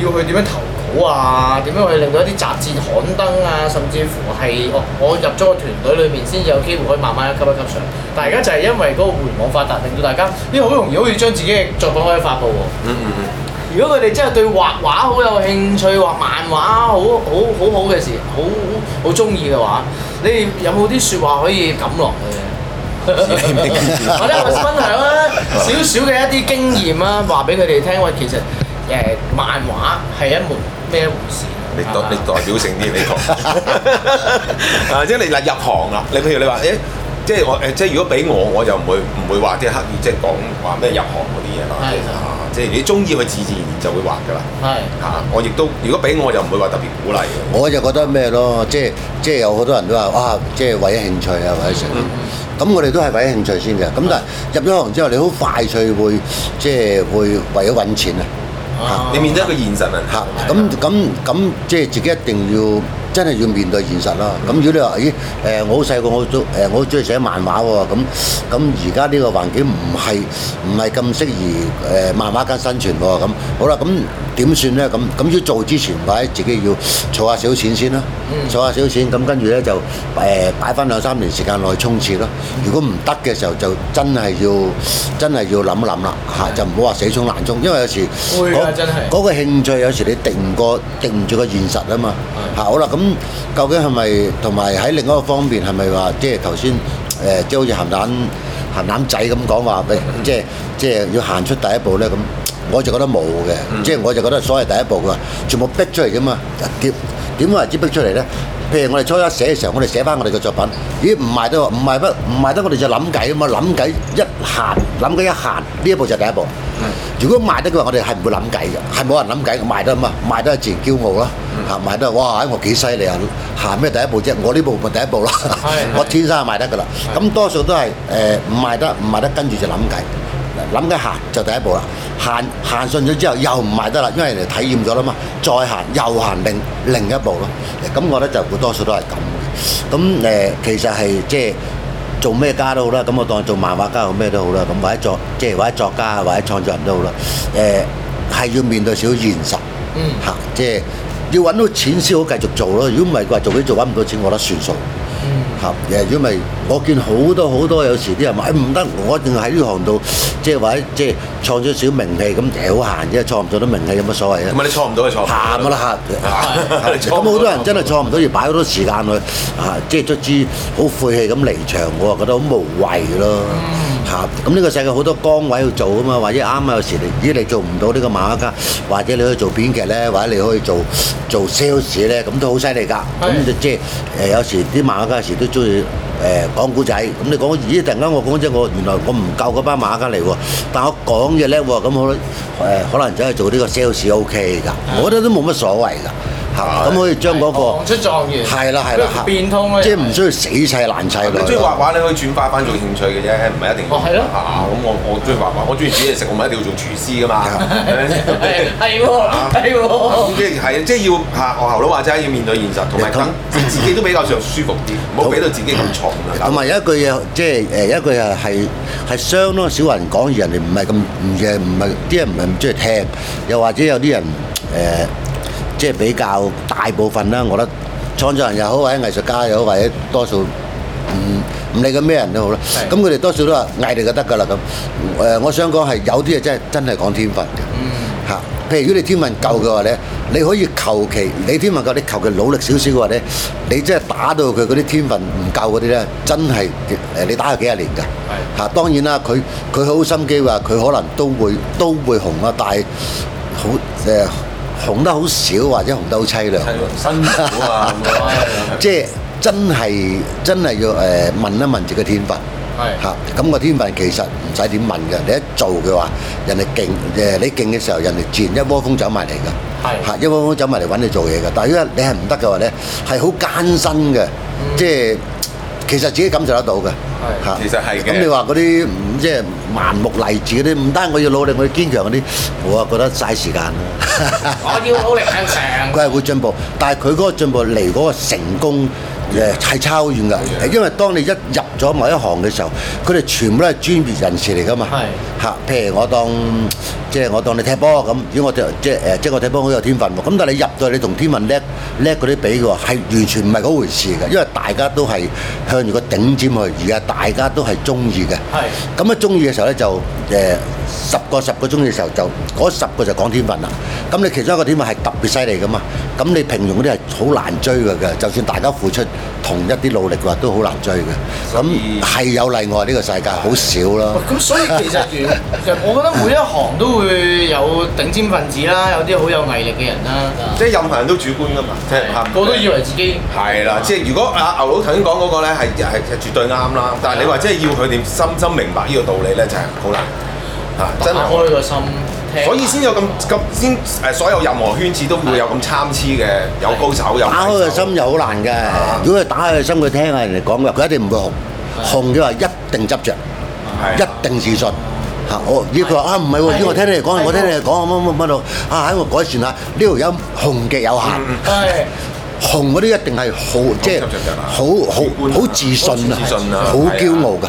要去點樣投稿啊，點樣去令到一啲雜誌刊登啊，甚至乎係我我入咗個團隊裏面先有機會可以慢慢吸一級一級上。但係而家就係因為嗰個互聯網發達，令到大家啲好、欸、容易好似將自己嘅作品可以發布喎、啊。嗯嗯、mm。Hmm. 如果佢哋真係對畫畫好有興趣，畫漫畫好好好好嘅事，好好好中意嘅話，你哋有冇啲説話可以講落去嘅？我哋咪分享啦，少少嘅一啲經驗啦，話俾佢哋聽。喂，其實誒、呃、漫畫係一門咩回事？你代你代表性啲，你講 啊，即係你嗱入行啦。你譬如你話誒、欸，即係我誒，即係如果俾我，我就唔會唔會話啲刻意即係講話咩入行嗰啲嘢啦。的你中意佢自然就會畫㗎啦，係嚇是、啊！我亦都如果俾我就唔會話特別鼓勵。我就覺得咩咯，即係即係有好多人都話啊，即係為咗興趣啊，為咗成咁。我哋、嗯嗯、都係為咗興趣先嘅。咁嗎但係入咗行之後，你好快脆會即係會為咗揾錢啊！啊你面對一個現實人啊！嚇咁咁咁，即係自己一定要。真係要面對現實咯。咁如果你話，咦？誒，我好細個，我做誒，我好中意寫漫畫喎。咁咁而家呢個環境唔係唔係咁適宜誒漫畫家生存喎。咁、嗯、好啦，咁點算咧？咁咁要做之前，或者自己要儲下少錢先啦。儲下少錢，咁跟住咧就誒擺翻兩三年時間內衝刺咯。如果唔得嘅時候，就真係要真係要諗諗啦。嚇，是的 就唔好話死衝難衝，因為有時嗰個興趣有時你定唔過、定唔住個現實啊嘛。嚇的，好啦，咁。嗯、究竟係咪同埋喺另一個方面係咪話，即係頭先誒，即係、呃、好似咸蛋咸蛋仔咁講話喂，即係即係要行出第一步咧？咁我就覺得冇嘅，嗯、即係我就覺得所謂第一步嘅，全部逼出嚟嘅嘛。點點為之逼出嚟咧？譬如我哋初一寫嘅時候，我哋寫翻我哋嘅作品，咦唔賣得，唔賣不唔賣得，我哋就諗計啊嘛，諗計一行，諗計一行呢一步就係第一步。如果賣得嘅話，我哋係唔會諗計嘅，係冇人諗計，賣得啊嘛，賣得係自然驕傲囉嚇，賣得哇！我幾犀利啊！行咩第一步啫？我呢步咪第一步囉，我天生係賣得㗎喇。咁多數都係誒唔賣得，唔賣得跟住就諗計。諗緊行就第一步啦，行行順咗之後又唔賣得啦，因為人哋體驗咗啦嘛，再行又行另另一步咯。咁我覺得就會多數都係咁。咁誒其實係即係做咩家都好啦，咁我當做漫畫家好咩都好啦。咁或者作即係或者作家或者創作人都好啦。誒係要面對少少現實，嗯嚇，即係要揾到錢先好繼續做咯。如果唔係嘅話，做呢做揾唔到錢，我覺得算數。合，如果咪我見好多好多有時啲人話，誒、哎、唔得我，我淨係喺呢行度，即係話即係創咗少名氣，咁好閒啫，創唔創得名氣有乜所謂啊？唔係你創唔到就錯。鹹嘅啦嚇，咁、嗯、好多人真係創唔到，要擺好多時間去啊，即係卒之好晦氣咁離場，我啊覺得好無謂咯。嗯咁呢、嗯這個世界好多崗位要做啊嘛，或者啱啊！有時你咦你做唔到呢個馬家，或者你可以做編劇咧，或者你可以做做 sales 咧，咁都好犀利㗎。咁的就即係誒有時啲馬家有時都中意誒講古仔。咁、呃嗯、你講咦突然間我講即我原來我唔夠嗰班馬家嚟喎，但我講嘢咧喎，咁我誒可能就係、呃、做呢個 sales OK 噶。我覺得都冇乜所謂㗎。咁可以將嗰個，係啦係啦，變通即係唔需要死晒爛砌。你中意畫畫，你可以轉化翻做興趣嘅啫，唔係一定。哦，係咯。咁我我中意畫畫，我中意煮嘢食，我唔係一定要做廚師噶嘛。係係喎，係即係要嚇學校咯，或者要面對現實，同埋自己都比較上舒服啲，唔好俾到自己咁重啊。唔係有一句嘢，即係誒有一句係係相當少人講，而人哋唔係咁唔嘅，唔係啲人唔係唔中意聽，又或者有啲人誒。即係比較大部分啦，我覺得創造人又好，或者藝術家又好，或者多數唔唔理佢咩人都好啦。咁佢哋多數都話毅力就得㗎啦咁。誒、呃，我想講係有啲嘢真係真係講天分嘅嚇、啊。譬如如果你天分夠嘅話咧，你可以求其你天分夠，你求其努力少少嘅話咧，你真係打到佢嗰啲天分唔夠嗰啲咧，真係誒、呃、你打佢幾廿年㗎嚇、啊。當然啦，佢佢好心機話佢可能都會都會紅啊，但係好誒。紅得好少或者紅得好淒涼，辛苦啊！即係真係真係要誒、呃、問一問自己嘅天分，嚇，咁個天分其實唔使點問嘅，你一做嘅話，人哋勁誒，你勁嘅時候，人哋自然一窩蜂走埋嚟㗎，嚇是、嗯、一窩蜂走埋嚟揾你做嘢㗎。但係如果你係唔得嘅話咧，係好艱辛嘅，即、就、係、是。嗯其實自己感受得到嘅，嚇、嗯，咁你話嗰啲唔即係盲目勵志嗰啲，唔單係我要努力，我要堅強嗰啲，我啊覺得嘥時間。 我要努力向上。佢係會進步，但係佢嗰個進步嚟嗰個成功。誒係、yeah, 差好遠㗎，Yeah. 因為當你一入咗某一行嘅時候，佢哋全部都係專業人士嚟㗎嘛。係嚇，譬如我當即係我當你踢波咁，如果我就即係誒，即係我踢波好有天分喎。咁但係你入到去，你同天分叻叻嗰啲比嘅喎，係完全唔係嗰回事嘅。因為大家都係向住個頂尖去，而家大家都係鍾意嘅。係咁啊，鍾意嘅時候咧就誒。呃十個十個鐘嘅時，時候，就嗰十個就講天分啦。咁你其中一個天分係特別犀利㗎嘛？咁你平庸啲係好難追㗎。就算大家付出同一啲努力話，話都好難追嘅。咁係有例外呢個世界，好少啦。咁所以， 所以其實其實，我覺得每一行都會有頂尖分子啦，有啲好有毅力嘅人啦。就是、即係任何人都主觀㗎嘛。個個 都以為自己係啦。即係如果阿牛佬頭先講嗰個咧，係係絕對啱啦。但係你話即係要佢哋深深明白呢個道理咧，就係好難。打開個心，所以先有咁咁先誒，所有任何圈子都會有咁參差嘅，有高手，有打開個心又好難嘅。如果佢打開個心佢聽啊人哋講嘅，佢一定唔會紅。紅嘅話一定執着，一定自信。嚇我，如果佢話啊唔係喎，我聽你講，我聽你講，乜乜乜到啊喺度改善下呢條音，紅極有限。係紅嗰啲一定係好，即係好好好自信啊，好驕傲㗎。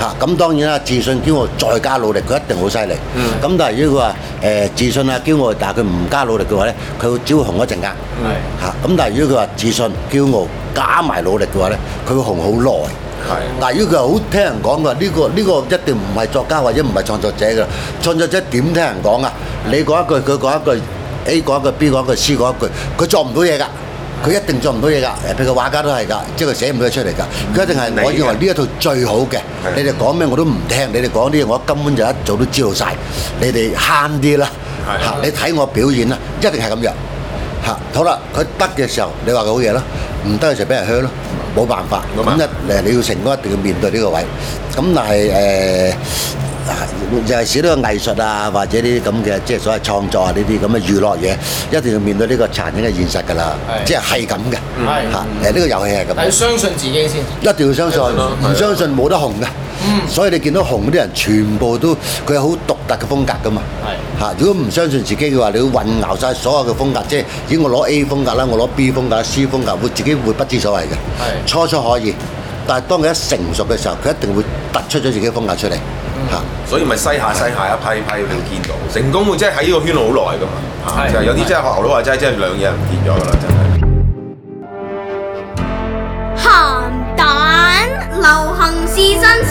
嚇咁當然啦，自信驕傲再加努力，佢一定好犀利。咁但係如果佢話誒自信啊驕傲，但係佢唔加努力嘅話咧，佢會只會紅一陣間。係，嚇，咁，但係如果佢話自信驕傲加埋努力嘅話咧，佢會紅好耐。係，但係如果佢好聽人講嘅呢個呢個一定唔係作家或者唔係創作者㗎，創作者點聽人講啊？你講一句佢講一句，A 講一句 B 講一句 C 講一句，佢做唔到嘢㗎。佢一定做唔到嘢㗎，誒，譬如畫家都係㗎，即係佢寫唔到嘢出嚟㗎。佢一定係，我認為呢一套最好嘅。你哋講咩我都唔聽，你哋講啲嘢我根本就一早都知道晒。你哋慳啲啦，嚇！你睇我表演啦，一定係咁樣，嚇。好啦，佢得嘅時候你話佢好嘢咯，唔得嘅時候俾人噓咯，冇辦法。咁一誒你要成功一定要面對呢個位，咁但係誒。又係少啲個藝術啊，或者呢啲咁嘅，即係所謂創作啊，呢啲咁嘅娛樂嘢，一定要面對呢個殘忍嘅現實㗎啦。即係係咁嘅。係。嚇！誒呢個遊戲係咁嘅。要相信自己先。一定要相信，唔相信冇得紅嘅。所以你見到紅嗰啲人，全部都佢有好獨特嘅風格㗎嘛？係。嚇！如果唔相信自己嘅話，你會混淆晒所有嘅風格，即係如果我攞 A 風格啦，我攞 B 風格、C 風格，會自己會不知所謂嘅。係。初初可以。但係當佢一成熟嘅時候，佢一定會突出咗自己嘅風格出嚟。嚇！嗯、是所以咪西下西下一批一批你見到成功會即係喺呢個圈度好耐噶嘛？係是、嗯、有啲是真係學牛佬話齋，即係兩日唔見咗啦，真係。鹹蛋流行試身室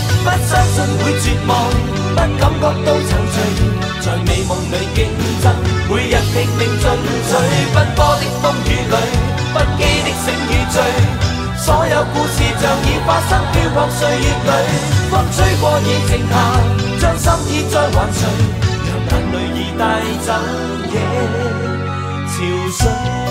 不相信會絕望，不感覺到躊躇，在美夢裏競爭，每日拼命進取。奔波的風雨裏，不羈的醒與醉，所有故事像已發生，飄泊歲月裏，風吹過已靜下，將心意再還誰？讓眼淚已帶走野、yeah，潮水。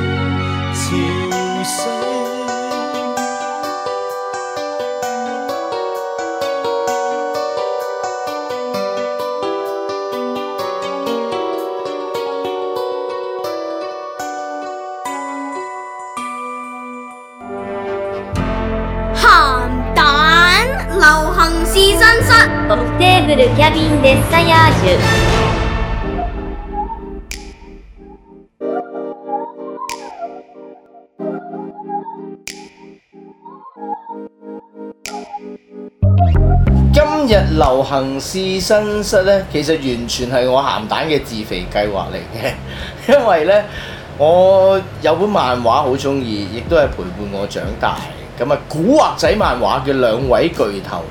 今日流行試身室呢，其實完全係我鹹蛋嘅自肥計劃嚟嘅，因為呢，我有本漫畫好鍾意，亦都係陪伴我長大。咁啊，古惑仔漫畫嘅兩位巨頭。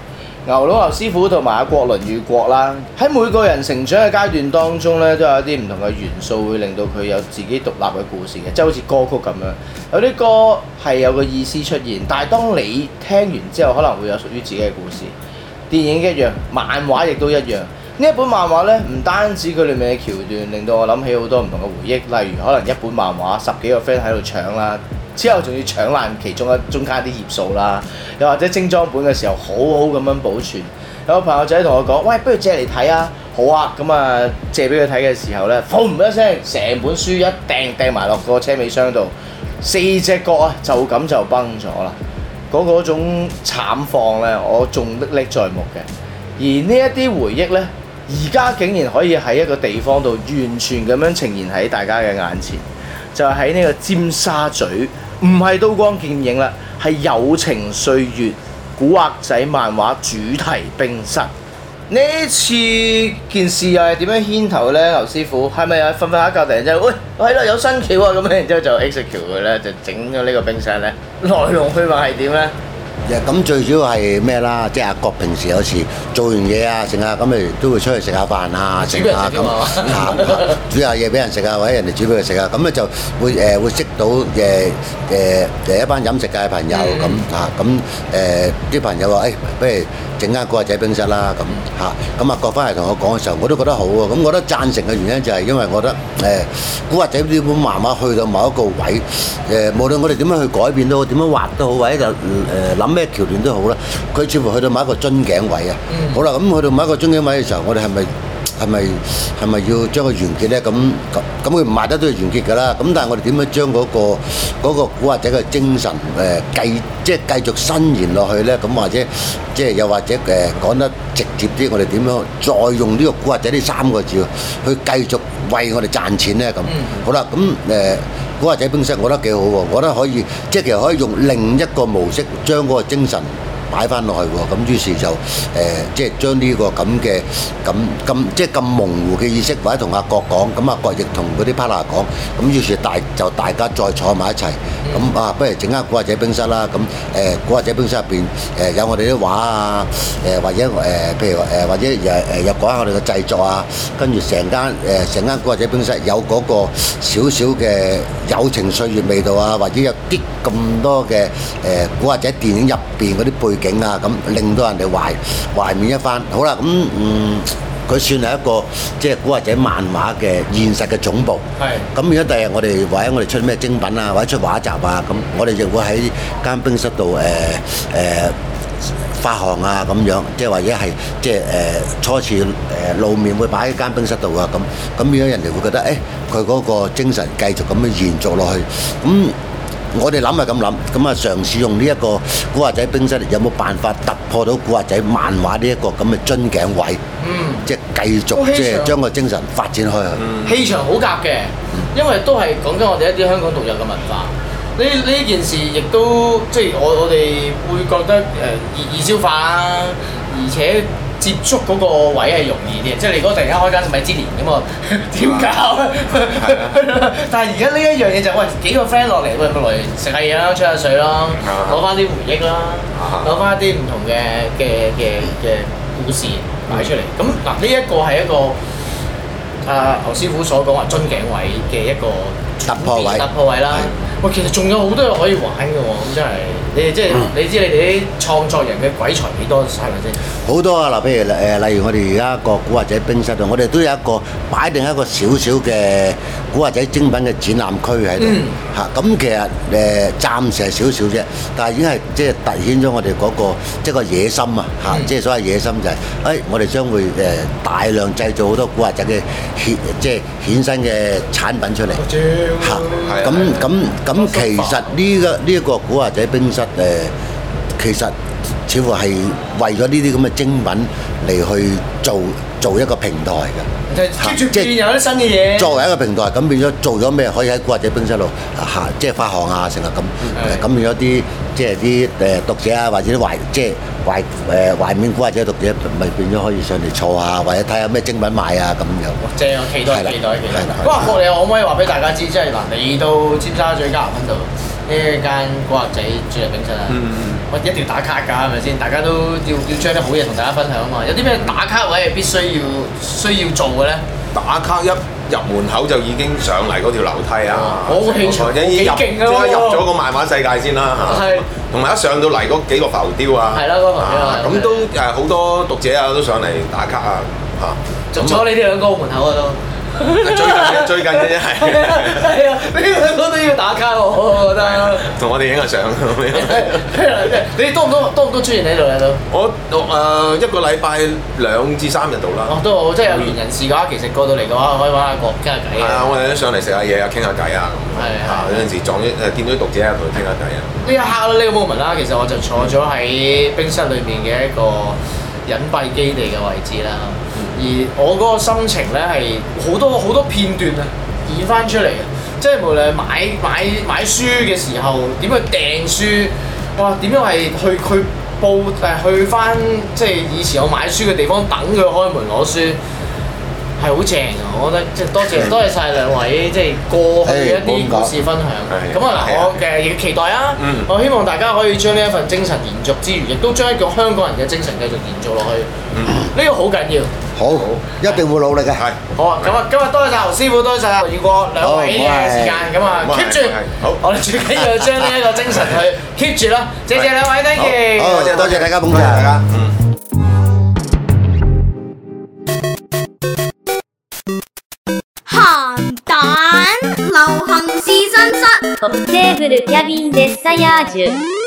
牛佬、牛師傅同埋阿國倫與國啦，喺每個人成長嘅階段當中咧，都有一啲唔同嘅元素會令到佢有自己獨立嘅故事嘅，即係好似歌曲咁樣，有啲歌係有個意思出現，但係當你聽完之後，可能會有屬於自己嘅故事。電影一樣，漫畫亦都一樣。呢一本漫畫咧，唔單止佢裏面嘅橋段令到我諗起好多唔同嘅回憶，例如可能一本漫畫十幾個 friend 喺度搶啦，之後仲要搶爛其中一中間啲頁數啦，又或者精裝本嘅時候好好咁樣保存。有個朋友仔同我講：「喂，不如借嚟睇啊！好啊，咁啊借俾佢睇嘅時候咧，噗唔一聲，成本書一掟掟埋落個車尾箱度，四隻角啊就咁就崩咗啦。嗰嗰種慘況咧，我仲歷歷在目嘅。而呢一啲回憶咧，而家竟然可以喺一個地方度完全咁樣呈現喺大家嘅眼前，就喺呢個尖沙咀，唔係刀光劍影啦，係友情歲月、古惑仔漫畫主題冰室。呢次件事又係點樣牽頭呢？牛師傅係咪有瞓瞓一覺突然之後，喂我喺度有新橋啊咁樣，然之後就 execute 佢呢，就整咗呢個冰室呢。來龍去脈係點呢？咁最主要係咩啦？即係阿郭平時有時做完嘢啊，成啊咁咪都會出去食下飯啊，成啊咁嚇煮下嘢俾人食啊，或者人哋煮俾佢食啊，咁咧就會誒會識到誒誒一班飲食界朋友咁嚇咁誒啲朋友話：誒，不如整下古惑仔冰室啦咁嚇咁啊！阿郭翻嚟同我講嘅時候，我都覺得好喎。咁我覺得贊成嘅原因就係因為我覺得誒古惑仔呢本慢慢去到某一個位誒，無論我哋點樣去改變都好，點樣畫都好，唯一就誒諗咩？咩橋段都好啦，佢似乎去到某一個樽頸位啊，嗯、好啦，咁、嗯、去到某一個樽頸位嘅時候，我哋係咪？係咪係咪要將佢完結呢？咁咁咁佢賣得都係完結㗎啦。咁但係我哋點樣將嗰、嗰個嗰個古惑仔嘅精神誒繼、呃、即係繼續伸延落去呢？咁或者即係又或者誒講得直接啲，我哋點樣再用呢個古惑仔呢三個字去繼續為我哋賺錢呢？咁好啦，咁誒古惑仔冰室我覺得幾好喎，我覺得可以即係其實可以用另一個模式將嗰個精神。擺翻落去喎，咁於是就誒，即係將呢個咁嘅咁咁即係咁模糊嘅意識，或者同阿國講，咁阿國亦同嗰啲 partner 講，咁於是大就大家再坐埋一齊，咁啊，不如整間古惑仔冰室啦，咁誒古惑仔冰室入邊誒有我哋啲畫啊，誒或者誒譬如誒或者誒又講下我哋嘅製作啊，跟住成間誒成間古惑仔冰室有嗰個少少嘅友情歲月味道啊，或者有啲咁多嘅誒古惑仔電影入邊嗰啲背景啊，咁令到人哋懷懷緬一番。好啦，咁嗯，佢算係一個即係古惑仔漫畫嘅現實嘅總部。係是。咁如果第日我哋或者我哋出咩精品啊，或者出畫集啊，咁我哋亦會喺間冰室度誒誒發行啊，咁樣即係或者係即係誒、呃、初次誒露面會擺喺間冰室度啊。咁咁如果人哋會覺得誒佢嗰個精神繼續咁樣延續落去咁。嗯我哋諗係咁諗，咁啊嘗試用呢一個古惑仔冰室，有冇辦法突破到古惑仔漫畫呢一個咁嘅樽頸位？嗯，即係繼續即係將個精神發展開去、嗯。氣場好夾嘅，因為都係講緊我哋一啲香港獨有嘅文化。呢呢件事亦都即係、就是、我我哋會覺得誒易易消化啊，而且。接觸嗰個位係容易啲，即係你如果突然間開間米芝蓮咁啊，點 搞、就是？但係而家呢一樣嘢就喂幾個 friend 落嚟，咁落嚟食下嘢啦，吹下水啦，攞翻啲回憶啦，攞翻一啲唔同嘅嘅嘅嘅故事擺出嚟。咁嗱、嗯、呢、這個、一個係一個阿侯師傅所講話樽頸位嘅一個突破位，突破位啦。喂是，其實仲有好多嘢可以玩㗎喎，咁真係你即係你知、嗯、你哋啲創作人嘅鬼才幾多曬嚟先？好多啊！嗱，譬如誒，例如我哋而家個古惑仔冰室度， 我哋都有一個擺定一個少少嘅古惑仔精品嘅展覽區喺度。嚇、嗯！咁、啊、其實誒、呃，暫時係少少啫，但係已經係即係凸顯咗我哋嗰、那個即係個野心啊！嚇，即係所謂野心就係、是、誒，我哋將會誒大量製造好多古惑仔嘅顯即係衍生嘅產品出嚟。嚇！咁咁咁，其實呢個呢一個古惑仔冰室誒。那其實似乎係為咗呢啲咁嘅精品嚟去做做一個平台㗎，即係不斷有啲新嘅嘢。作為一個平台，咁變咗做咗咩？可以喺古惑仔冰室度，行、啊，即係發行啊，成日咁。咁的變咗啲即係啲誒讀者啊，或者啲懷即係懷誒懷緬古惑仔讀者，咪變咗可以上嚟坐下，或者睇下咩精品買啊咁樣。即係我期待的期待嘅。咁話過嚟，我可唔可以話俾大家知？即係嗱，你到尖沙咀加拿分道。呢一間古惑仔進入冰室啊！我一定要打卡㗎，係咪先？大家都要要將啲好嘢同大家分享啊嘛！有啲咩打卡位係必須要需要做嘅咧？打卡一入門口就已經上嚟嗰條樓梯啊！我好興趣，幾勁㗎，即係入咗個漫畫世界先啦，係。同埋一上到嚟嗰幾個浮雕啊，係啦，嗰浮雕啊，咁都誒好多讀者啊都上嚟打卡啊，仲坐你啲兩個門口啊都。 最近最近嘅一系，係啊， 你兩個都要打卡喎， 我覺得。同我哋影下相咁樣。你多唔多多唔多出現喺度咧都？都都我誒、呃、 一個禮拜兩至三日度啦。哦、啊，都好，即係有緣人士嘅話，好其實過到嚟嘅話，可以玩下國傾下偈嘅。係啊，我哋都上嚟食下嘢啊，傾下偈啊咁。係係。有陣時撞啲誒見到啲讀者啊，同佢傾下偈啊。呢一刻呢個 moment 啦，其實我就坐咗喺冰室裏面嘅一個隱蔽基地嘅位置啦。而我嗰個心情咧係好多好多片段啊，演翻出嚟啊！即係無論買買買書嘅時候，點去訂書，哇！點樣係去去報誒去翻，即係以前我買書嘅地方等佢開門攞書，係好正啊。我覺得即係多謝、嗯、多謝晒、嗯、兩位，即係過去一啲故事分享。咁啊嗱，咁樣、嗯、我嘅期待啊！我希望大家可以將呢一份精神延續之餘，亦都將一個香港人嘅精神繼續延續落去。呢個好緊要。好，一定會努力嘅，係。好啊，咁啊，今日多謝曬，師傅多謝曬，如果兩位嘅時間，咁啊，keep 住。好，我哋最緊要將呢個精神去 keep 住咯，謝謝兩位 Thank you。好，多謝多謝大家捧場，大家。嗯。鹹蛋流行試身室。テーブルキャビンでさやじゅ